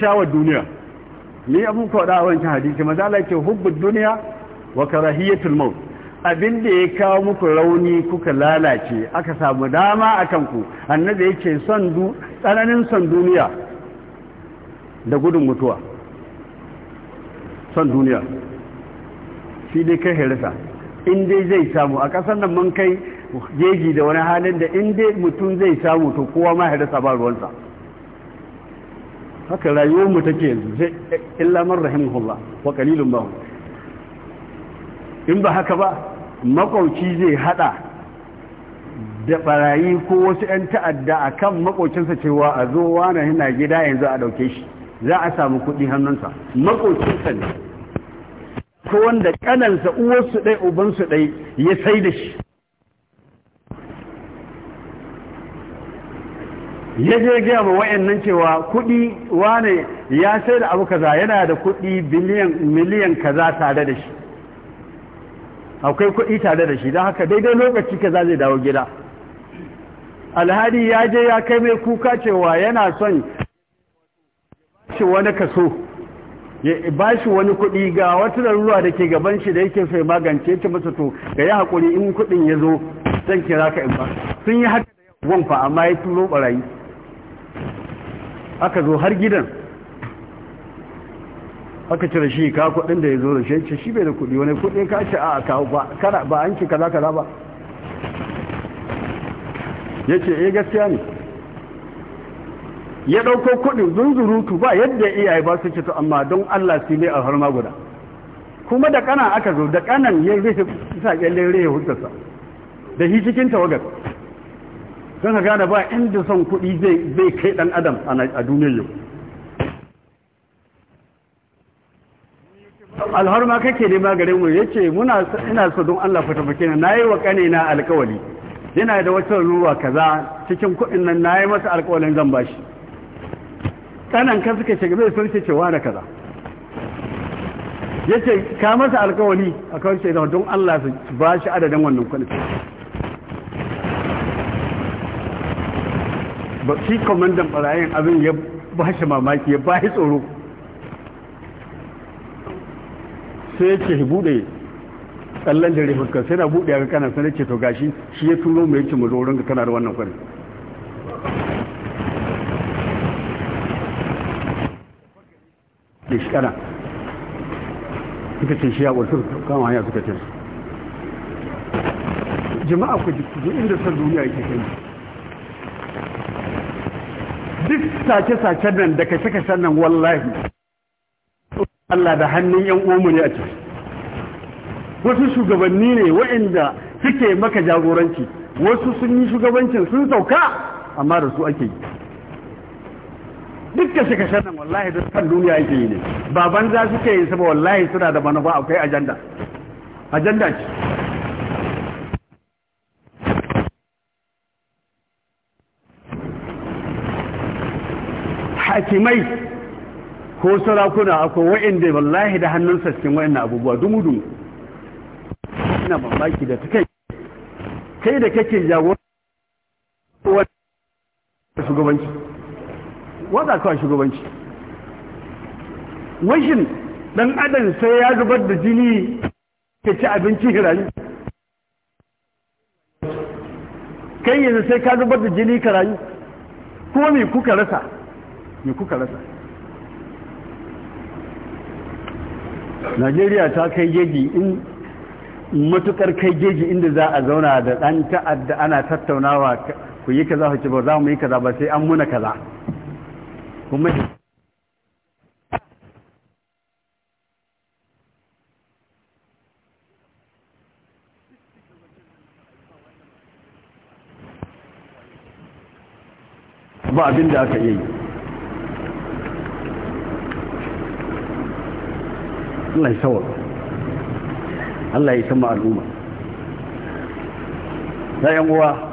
shawar duniya ni abin kwaɗa a wancan hadisi maza Allah duniya wa karahiyatul maut abin da ya kawo muku rauni kuka lalace aka samu dama a kanku annabi yake son du tsananin son duniya da gudun mutuwa son duniya shi dai kai hirisa in zai samu a ƙasar nan mun kai jeji da wani halin da inda mutum zai samu to kowa ma hirisa ba ruwansa haka rayuwar mu take yanzu sai illa man rahimahullah wa qalilun ba in ba haka ba makauci zai hada da barayi ko wasu 'yan ta'adda akan kan cewa a zo wani yana gida yanzu a dauke shi za a samu kuɗi hannunsa makocinsa ne ko wanda ƙanansa uwarsu ɗai ubansu ɗai ya sai da shi ya je gaya ma wayannan cewa kuɗi wane ya sai da abu kaza yana da kuɗi miliyan kaza tare da shi akwai kuɗi tare da shi don haka daidai lokaci kaza zai dawo gida alhari ya je ya kai mai kuka cewa yana son shi wani kaso ya ba shi wani kuɗi ga wata larura da ke gaban shi da yake sai magance ta masa to ga ya haƙuri in kuɗin ya zo zan kira ka in ba sun yi haka da yawon fa amma ya turo ɓarayi aka zo har gidan aka cire shi ka kudin da ya zo da shi ce shi bai da kudi wani kudi ka ce a kawo ba ba an ce kaza kaza ba ya ce eh gaskiya ne ya ɗauko kudin zunzurutu ba yadda iyaye ba su ce to amma don Allah su ne a harma guda kuma da kana aka zo da kanan ya rufe sa kyalle rufe hutarsa da hi cikin tawagar don ka gane ba inda son kuɗi zai kai ɗan adam a duniyar yau alhawar ma kake ne magarin mu yace muna ina so don Allah fata fake na yi wa ƙane na alƙawari yana da wata ruwa kaza cikin kuɗin nan na yi masa alkawalin zan bashi Ƙanan ka suka shiga mai sun cewa da kaza yace ka masa alkawari a kawai don Allah su bashi adadin wannan kuɗin ba shi kwamandan barayin abin ya ba shi mamaki ya ba shi tsoro sai ya ce buɗe tsallon da rifuskar sai na buɗe ga kanan sai ce to gashi shi ya tuno mai ce mu wurin ga kana da wannan kwarin ya shi kana suka ce shi ya wasu kama hanyar suka ce jama'a ku ji inda san duniya yake kai duk sace sake nan da kashe-kashen nan wallahi Allah da hannun yan umuri a ciki wasu shugabanni ne waɗanda suke maka jagoranci wasu sun yi shugabancin sun sauka amma da su ake yi duk kashe-kashen nan wallahi da kan duniya ake yi ne baban za suke yin sama wallahi suna da manufa akwai ajanda ajanda ce hakimai ko sarakuna akwai wa'inda wallahi da hannun sassin wa'in abubuwa dumudun ina mamaki da ta kai kai da kake jagorar shugabanci wata kawai shugabanci washin dan adam sai ya zubar da jini ka ci abinci hirani kai yanzu sai ka zubar da jini ka rayu ko me kuka rasa me kuka rasa najeriya ta kai geji in matukar kai geji inda za a zauna da ɗan ta'adda ana tattaunawa ku yi kaza ku ci ba za mu yi kaza ba sai an muna kaza kuma ba abin da aka yi الله يسوق الله يسمع الأمة لا ينقوى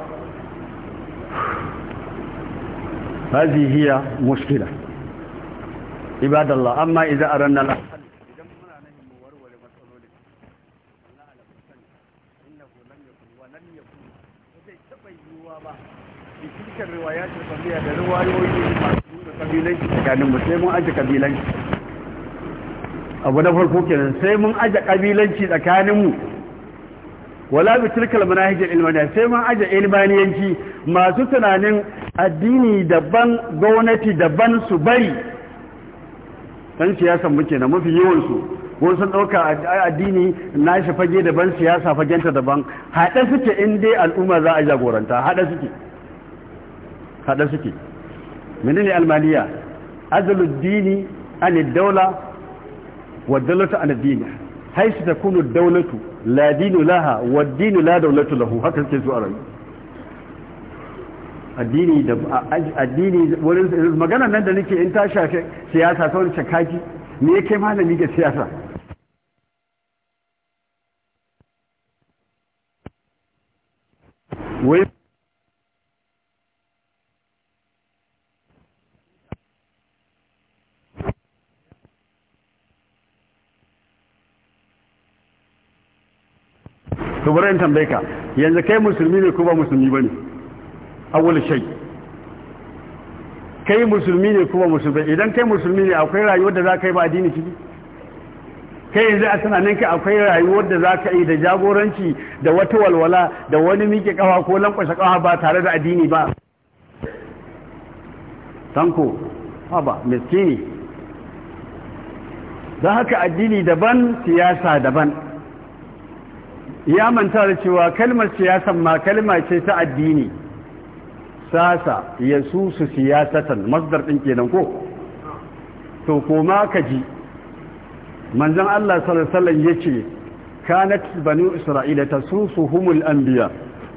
هذه هي مشكلة عباد الله أما إذا أردنا الله الروايات الطبيعية الرواية والمسلمة كان المسلم وأجل كبيلين abu na farko kenan sai mun aje kabilanci tsakaninmu wala bi tilkal manahijil ilmaniya sai mun aje ilmaniyanci masu tunanin addini daban gwamnati daban su bari dan siyasa muke na mafi yawan su ko sun dauka addini shi fage daban siyasa fagenta daban hada suke in dai al'umma za a jagoranta hada suke hada suke menene almaliya dini an daula والدولة عن الدين حيث تكون الدولة لا دين لها والدين لا دولة له هكذا كيسو أرأي addini da addini wurin magana nan da nake in ta shafe siyasa ta wani shakaki me yake malami ga siyasa wai to bari in tambaye ka yanzu kai musulmi ne ko ba musulmi bane awwal shay kai musulmi ne ko ba musulmi idan kai musulmi ne akwai rayuwar da za ka yi ba addini ciki kai yanzu a tunanin ka akwai rayuwar da za ka yi da jagoranci da wata walwala da wani miƙe kafa ko lankwashe kafa ba tare da addini ba tanko haba miskini don haka addini daban siyasa daban ya manta da cewa kalmar siyasan ma kalma ce ta addini sasa ya su siyasatan masdar ɗin kenan ko to koma ka ji manzan Allah salasalan ya ce kanat banu isra'ila ta su humul an biya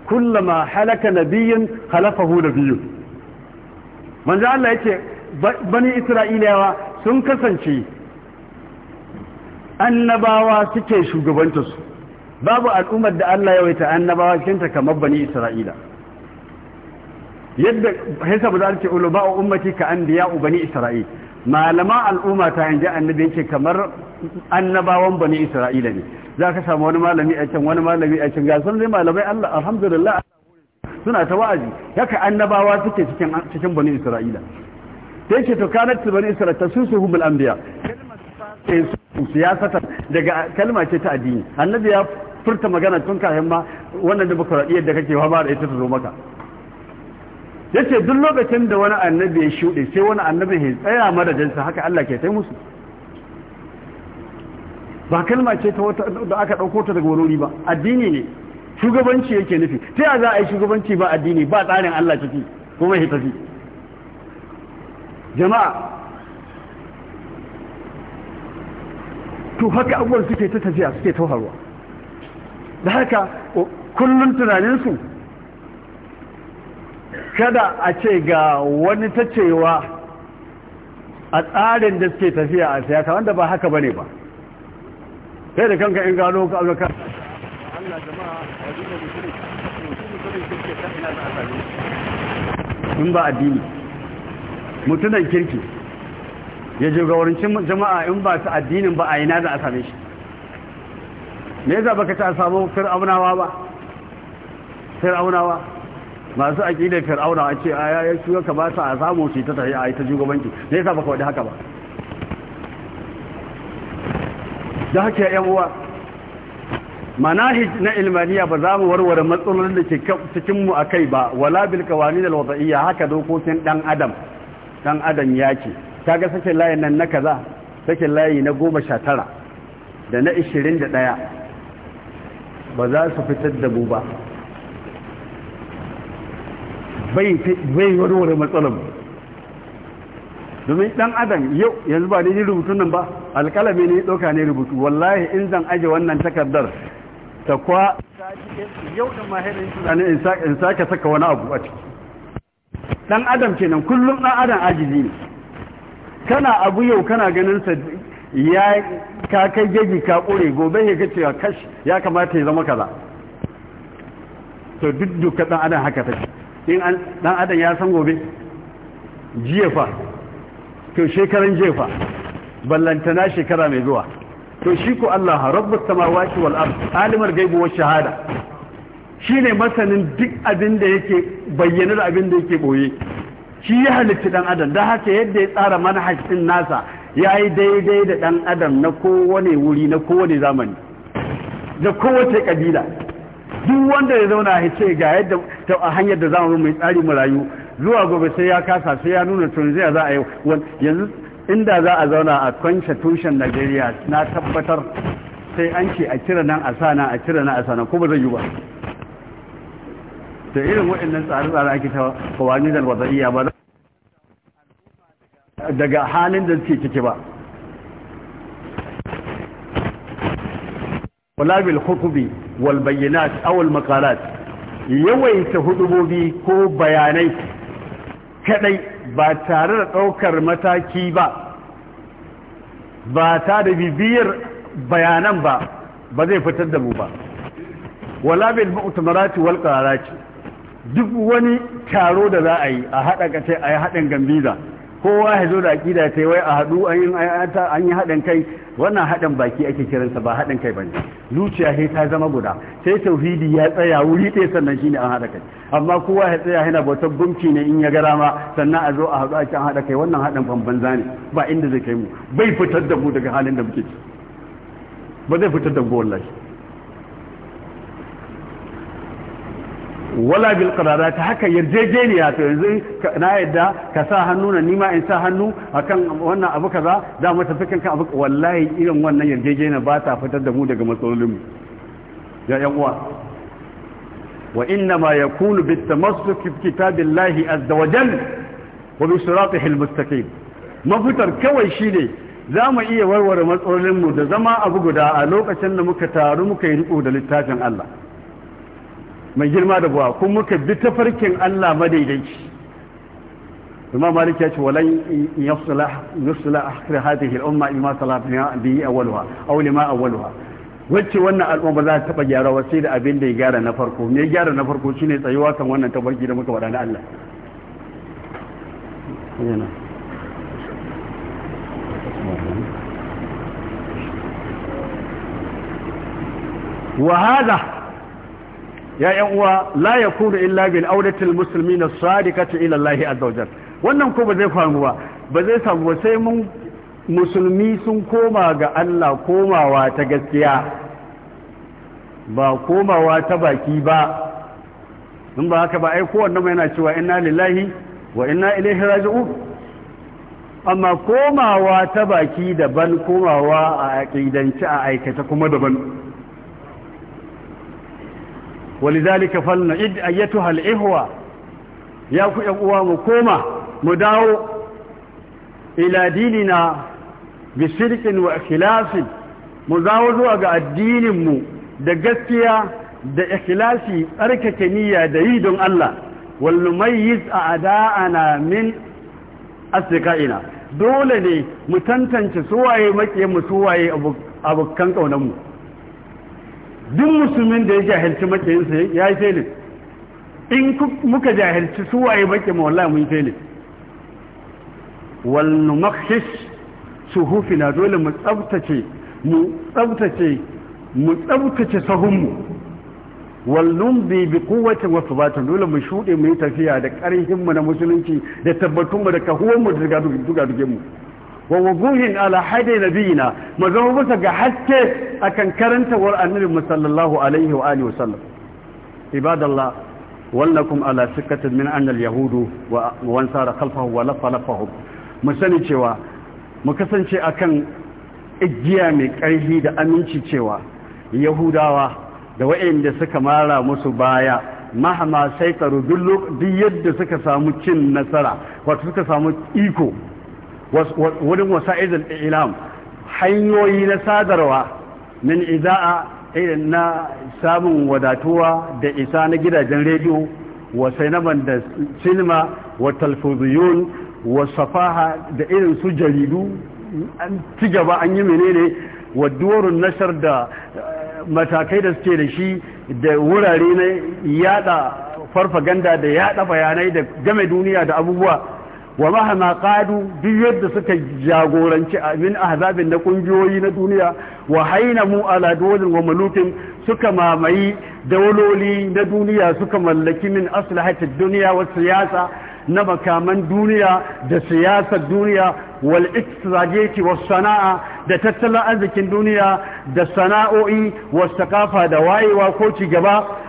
kullama halaka nabiyin halafahu nabiyun manzan Allah ya ce bani isra'ilawa sun kasance annabawa suke shugabantarsu babu al'ummar da Allah ya ta annabawa cikin kamar bani Isra'ila yadda hisa ba za ce ulama ummati ka anbiya bani Isra'il malaman al'umma ta yanzu annabi yake kamar annabawan bani Isra'ila ne za ka samu wani malami a can wani malami a can ga sun dai malamai Allah alhamdulillah suna ta wa'azi haka annabawa suke cikin cikin bani Isra'ila sai ce to kanat bani Isra'ila tasusuhum al-anbiya kalmar siyasata daga kalma ce ta addini annabi ya furta magana tun kafin ma wannan da demokradiyyar da kake fama da ita ta zo maka yace duk lokacin da wani annabi ya shuɗe sai wani annabi ya tsaya madadinsa haka Allah ke tai musu ba kalma ce ta wata da aka ɗauko ta daga wani ba addini ne shugabanci yake nufi ta za a yi shugabanci ba addini ba tsarin Allah ciki kuma ya tafi jama'a to haka abubuwan suke ta tafiya suke ta da haka kullum tunaninsu kada a ce ga wani ta cewa a tsarin da suke tafiya a siyasa wanda ba haka bane ba sai da kanka in gano ka abuka Allah jama'a wajen da ba addini mutunan kirki ya je wurin jama'a in ba su addinin ba a yi na da a same shi me yasa baka ta samu fir'aunawa ba fir'aunawa masu aqidar fir'auna a ce aya ya shuka ta a samu shi ta tafi a ita shugabanci me yasa baka wadi haka ba da haka yan uwa manahij na ilmaniya ba za mu warware matsalolin da ke cikin mu akai ba wala bil qawanin al wadaiya haka dokokin dan adam dan adam yake kaga sakin layin nan na kaza sakin layi na 19 da na 21 ba za su fitar da mu ba bai warware matsalar domin dan adam yau yanzu ba daidai rubutun nan ba alkalami ne ɗauka ne rubutu wallahi in zan aje wannan takardar ta kwa yau da mahirin tunanin in sake saka wani abu a ciki dan adam kenan kullum dan adam ajiji ne kana abu yau kana ganin ya ka kai gegi ka kore gobe ya ka cewa kash ya kamata ya zama kaza to duk duka dan adam haka take in dan adam ya san gobe jefa to shekaran jefa ballantana shekara mai zuwa to shi ko Allah rabbus samawati wal ard alimul ghaibi wash shahada shine masanin duk abin da yake bayyana da abin da yake boye shi ya halitta dan adam dan haka yadda ya tsara manhaj nasa ya yi daidai da ɗan adam na kowane wuri na kowane zamani da kowace ƙabila duk wanda ya zauna ya ce ga yadda ta a hanyar da zamu mai tsari mu rayu zuwa gobe sai ya kasa sai ya nuna tun zai za a yi yanzu inda za a zauna a constitution Najeriya na tabbatar sai an ce a kira nan a sana a kira nan a sana ko ba zai yi ba da irin waɗannan tsare-tsare ake ta kawani da wada'iyya ba daga halin da suke ciki ba wala bil khutubi wal bayyinat aw al yawaita hudubobi ko bayanai kadai ba tare da daukar mataki ba ba ta da bibiyar bayanan ba ba zai fitar da mu ba wala bil mu'tamarati wal qararati duk wani taro da za a yi a haɗa kace a yi haɗin gambiza kowa ya zo da akida ta wai a haɗu an yi haɗin kai wannan haɗin baki ake kiransa ba haɗin kai bane zuciya sai ta zama guda sai tauhidi ya tsaya wuri ɗaya sannan shine an haɗa kai amma kowa ya tsaya yana bautar gumki ne in ya gara ma sannan a zo a haɗu a an haɗa kai wannan haɗin fan banza ne ba inda zai kai mu bai fitar da mu daga halin da muke ci ba zai fitar da mu wallahi wala bil qarara ta haka yarjejeniya to yanzu na yadda ka sa hannu na nima in sa hannu akan wannan abu kaza da mu tafi kan abu wallahi irin wannan yarjejeniya ba ta fitar da mu daga matsalolin mu ya yan uwa wa inna ma yakunu bit tamassuk bi kitabillahi azza wa jalla wa bi siratihi al mustaqim mafitar kawai shine za mu iya warware matsalolinmu da zama abu guda a lokacin da muka taru muka yi riko da littafin Allah mai girma da buwa kun muka bi ta tafarkin Allah madaidaici imam malik ya ce walan yuslah yuslah akhir hadhihi al-umma ima salatna bi awwalha aw lima awwalha wacce wannan al'umma za ta taba gyarawa sai da abin da ya gyara na farko me ya gyara na farko shine tsayuwa kan wannan tabarki da muka faɗa na Allah yana ya yan uwa la yakunu illa bil muslimin as sadiqati ila Allah azza wajal wannan ko ba zai faru ba ba zai samu sai mun musulmi sun koma ga Allah komawa ta gaskiya ba komawa ta baki ba in ba haka ba ai kowanne mai yana cewa inna lillahi wa inna ilaihi raji'un amma komawa ta baki daban komawa a aqidanci a aikata kuma daban walizalika falna id ayatu hal ihwa ya ku yan uwa mu koma mu dawo ila dinina bi shirkin mu zawo zuwa ga addinin mu da gaskiya da ikhlasi tsarka niyya da yi don Allah wal numayiz aadaana min ina. dole ne mu tantance su waye makiyen su waye abukan kaunan mu duk musulmin da ya jahilci makiyinsa ya yi felin in muka jahilci su waye baki mawala mun felin su hufi na dole mu tsabtace mu tsabtace mu tsabtace sahunmu wallum bi bi kowace wasu batun dole mu shuɗe mu tafiya da ƙarhinmu na musulunci da tabbatunmu da kahuwanmu da dugadugenmu wa wujuhin ala hadi nabiyina mu zama ga haske akan karanta qur'anin musallallahu alaihi wa alihi wasallam ibadallah wallakum ala sikkatin min anna al-yahudu wa wan sara khalfahu wa lafa lafahu mu sani cewa mu kasance akan igiya mai karfi da aminci cewa yahudawa da waɗanda suka mara musu baya mahama sai duk yadda suka samu cin nasara wato suka samu iko wurin wasa'izul ilam hanyoyi na sadarwa min iza'a irin na samun wadatuwa da isa na gidajen rediyo wa sainaman da sinima wa talfuziyon wa safaha da irin su jaridu an ci gaba an yi menene wa duwarun nashar da eh, matakai da suke da shi da wurare na yada farfaganda da yada bayanai da game duniya da abubuwa wa mahama qadu duk yadda suka jagoranci min ahzabin na kungiyoyi na duniya wa hainamu ala dawlin wa mulukin suka mamayi dauloli na duniya suka mallaki min aslahatid duniya wa siyasa na makaman duniya da siyasar duniya wal iktisajiyati was sana'a da tattalin arzikin duniya da sana'o'i was da wayewa ko ci gaba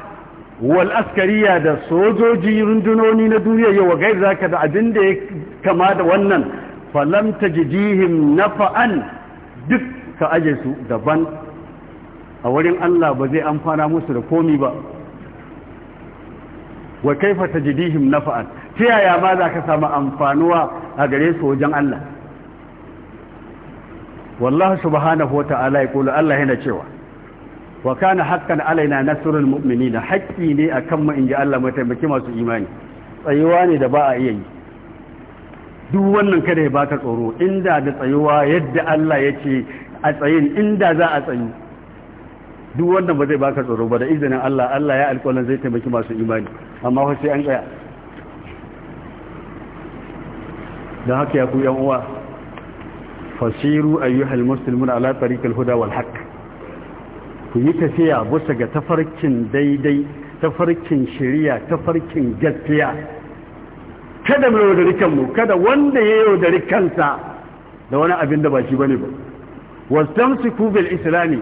wal askariya da sojoji rundunoni na duniya yau wa gaisa zaka da abin da ya kama da wannan falam na fa'an duk ka aje su daban a wurin Allah ba zai amfana musu da komi ba wa kaifa na fa'an? ta yaya ma za ka samu amfanuwa a gare su wajen Allah wallahu subhanahu wa ta'ala ya kula Allah yana cewa wa kana haqqan alaina nasrul mu'minina haƙƙi ne akan mu inji Allah mu taimaki masu imani tsayuwa ne da ba a iya yi duk wannan kada ya baka tsoro inda da tsayuwa yadda Allah ya ce a tsayin inda za a tsayi duk wannan ba zai baka tsoro ba da izinin Allah Allah ya alƙawarin zai taimaki masu imani amma fa sai an tsaya da haka ya ku yan uwa fasiru ayyuhal muslimun ala tariqil huda wal haqq ku yi tafiya busa ga tafarkin daidai tafarkin shari'a tafarkin gaskiya kada mu yaudari kanmu kada wanda ya yaudari kansa da wani abin da ba shi bane ba su bil islami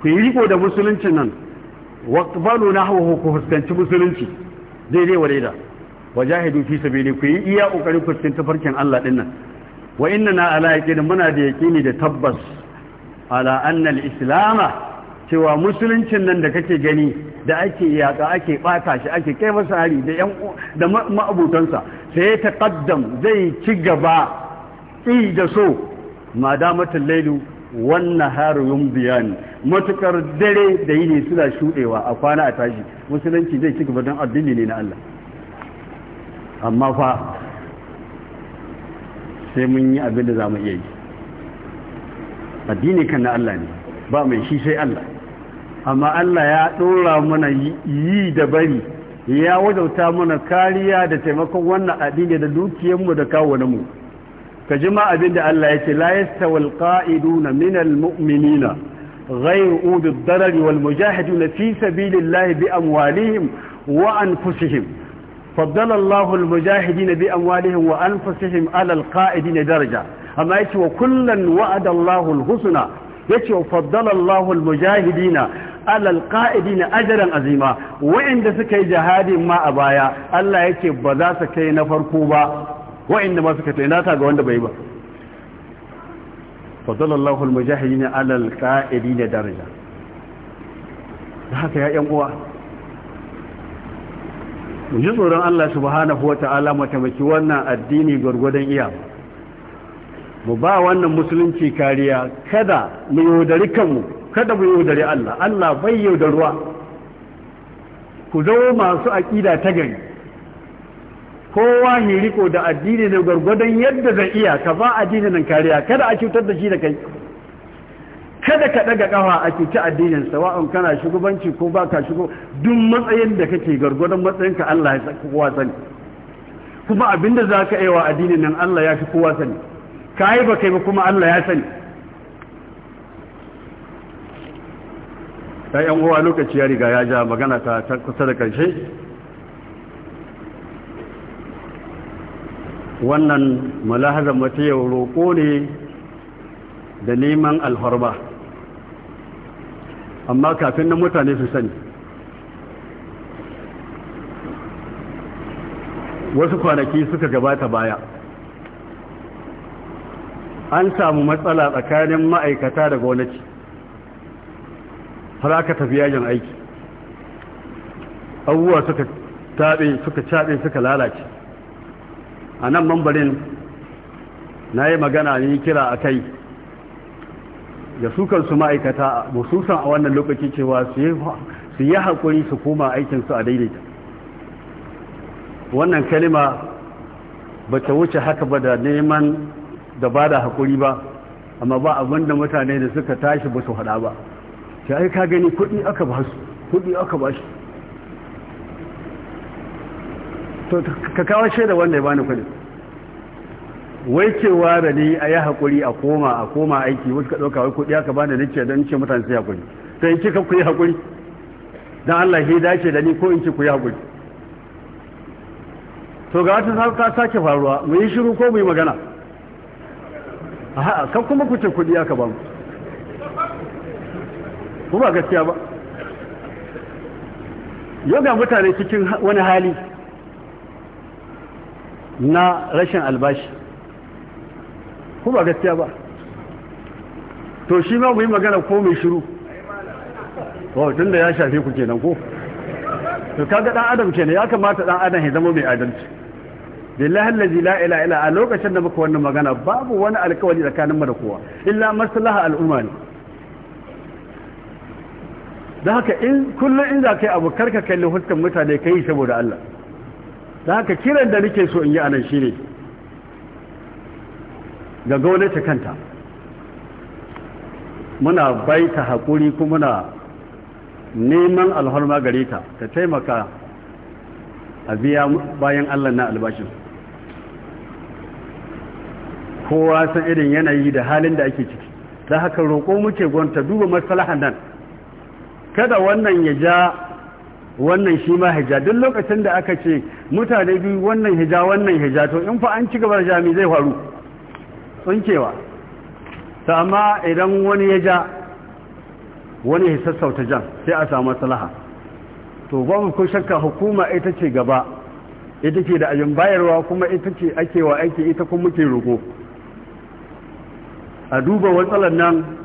ku yi riko da musuluncin nan waqbalu nahwahu ku fuskanci musulunci daidai wa daida wajahidu fi sabili ku yi iya kokarin fuskanci tafarkin Allah din nan wa inna na ala yaqin muna da yaqini da tabbas ala anna al islama cewa musuluncin nan da kake gani da ake yaƙa ake ɓata shi ake kai masa hari da ƴan da ma'abutansa sai ta kaddam zai ci gaba ƙi da so ma damatul lailu wannan haru yumbiya ne matukar dare da yini suna shuɗewa a kwana a tashi musulunci zai ci gaba don addini ne na Allah amma fa sai mun yi abin da za mu iya yi addini kan na Allah ne ba mai shi sai Allah amma Allah ya ɗora mana yi da bari ya wajauta mana kariya da taimakon wannan addini da dukiyarmu da kawunanmu ka ji abin da Allah ya ce la yastawil qa'iduna minal mu'minina ghayr udud darari wal mujahiduna fi sabilillahi bi amwalihim wa anfusihim faddala Allahu al mujahidina bi amwalihim wa anfusihim ala al qa'idina daraja amma yace wa kullan wa'ada Allahu al husna yace wa faddala Allahu al mujahidina alal qa'idina ajran azima wa'inda suka yi jihadin ma a baya Allah yake ba za su kai na farko ba wa'inda ba suka kai nata ga wanda bai ba fadalallahu almujahidin alal qa'idina daraja haka ya yan uwa mu ji tsoron Allah subhanahu wata'ala mu taimaki wannan addini gwargwadon iya mu ba wannan musulunci kariya kada mu yaudari kanmu kada mu yaudare Allah Allah bai yaudarwa ku zama masu aƙida ta gari kowa hiriko da addini ne gwargwadon yadda zai iya ka ba addinin nan kariya kada a cutar da shi da kai kada ka daga kafa a cuci addinin sawa'un kana shugabanci ko ba ka shigo duk matsayin da kake gwargwadon matsayin ka Allah ya saka kowa sani kuma abinda zaka yi wa addinin nan Allah ya fi kowa sani kai ba kai ba kuma Allah ya sani ta yan uwa lokaci ya riga ya ja magana ta kusa da karshe wannan malahaza mace ya roƙo ne da neman alharba amma kafin na mutane su sani wasu kwanaki suka gabata baya an samu matsala tsakanin ma'aikata da gwamnati har ka tafi yajin aiki abubuwa suka taɓe suka caɓe suka lalace a nan mambarin na yi magana ne kira a kai da su ma'aikata mususan a wannan lokacin cewa su yi haƙuri su koma aikinsu a daidaita wannan kalima ba ta wuce haka ba da neman da ba da haƙuri ba amma ba abinda mutane da suka tashi ba su haɗa ba ta yi ka gani kudi aka ba su kudi aka ba shi to ka kawo shaida wanda ya bani kudi wai cewa da ni a yi haƙuri a koma a koma aiki wasu ka ɗauka wai kuɗi aka bani da ce don ce mutane su yi haƙuri to in kika ku yi haƙuri don Allah shi dace da ni ko in ce ku yi haƙuri to ga wata ta sake faruwa mu yi shiru ko mu yi magana a kan kuma ku ce kuɗi aka bani ko ba gaskiya ba yau mutane cikin wani hali na rashin albashi ko ba gaskiya ba to shi ma muyi magana ko mai shiru tun da ya shafe ku kenan ko to kaga dan adam kenan ya kamata dan adam ya zama mai adalci billahi allazi la ilaha illa a lokacin da muka wannan magana babu wani alƙawari tsakanin mu da kowa illa maslaha al'umma ne da haka in kullum in za ka yi abu karka kalli huskan mutane ka yi saboda Allah da haka kiran da nake so in yi anan shi ne ga gwamnati kanta muna baita haƙuri kuma muna neman alhorma gare ta ta taimaka a biya bayan Allah na albashin kowa san irin yanayi da halin da ake ciki da haka roƙo muke gwanta duba maslahan nan kada wannan ya ja wannan shi ma hija duk lokacin da aka ce mutane biyu wannan hija wannan hija to in fa an ci gaba da jami zai faru tsunkewa ta amma idan wani ya ja wani ya sassauta jan sai a samu salaha to babu ko shakka hukuma ita ce gaba ita ce da ajin bayarwa kuma ita ce ake wa aiki ita kuma muke roƙo a duba watsalan nan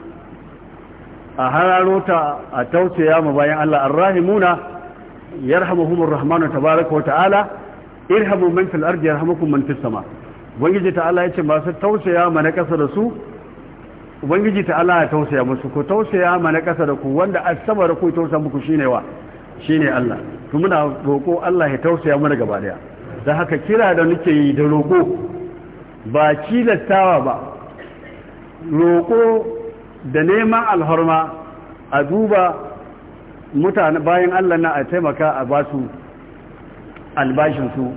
a hararo ta a tausaya mu bayan Allah arrahimuna yarhamuhumur rahmanu tabaaraka wa ta'ala irhamu man fil ardi yarhamukum man fis sama ubangiji ta'ala yace masu tausaya mana kasa da su ubangiji ta'ala ya tausaya musu ku tausaya mana kasa da ku wanda as-sama da ku tausa muku shine wa shine Allah to muna roko Allah ya tausaya mana gaba daya da haka kira da nake yi da roko ba kilastawa ba roko da neman alhorma a duba mutane bayan Allah na a taimaka a ba su albashinsu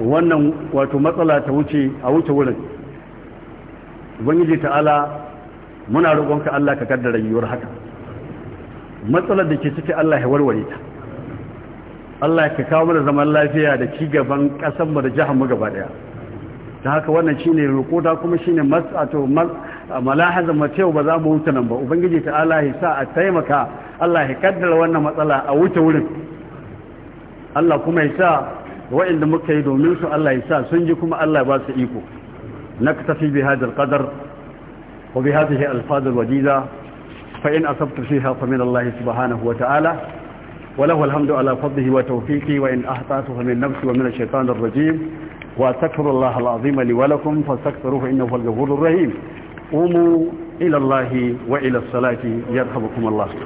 wannan wato matsala ta wuce a wuce wurin ubangiji ta'ala muna roƙonka Allah ka kaddara yiwuwar haka matsalar da ke ciki Allah ya warware ta Allah ya kawo mana zaman lafiya da ci gaban ƙasar mu da jihar mu gaba daya da haka wannan shi ne rukuta kuma shine mas'ato malahaza mateo ba za mu wuce nan ba ubangiji ta Allah ya sa a taimaka Allah ya kaddara wannan matsala a wuce wurin Allah kuma ya sa wa'inda muka yi domin su Allah ya sa sun ji kuma Allah ba su iko na ka tafi bi hadha alqadar wa bi hadhihi alfaz alwadiza fa in asabtu fiha fa min Allah subhanahu wa ta'ala وله الحمد على فضله وتوفيقه وإن أحطاته من نفسي ومن الشيطان الرجيم وأستغفر الله العظيم لي ولكم فاستغفروه إنه هو الغفور الرحيم قوموا إلى الله وإلى الصلاة يرحمكم الله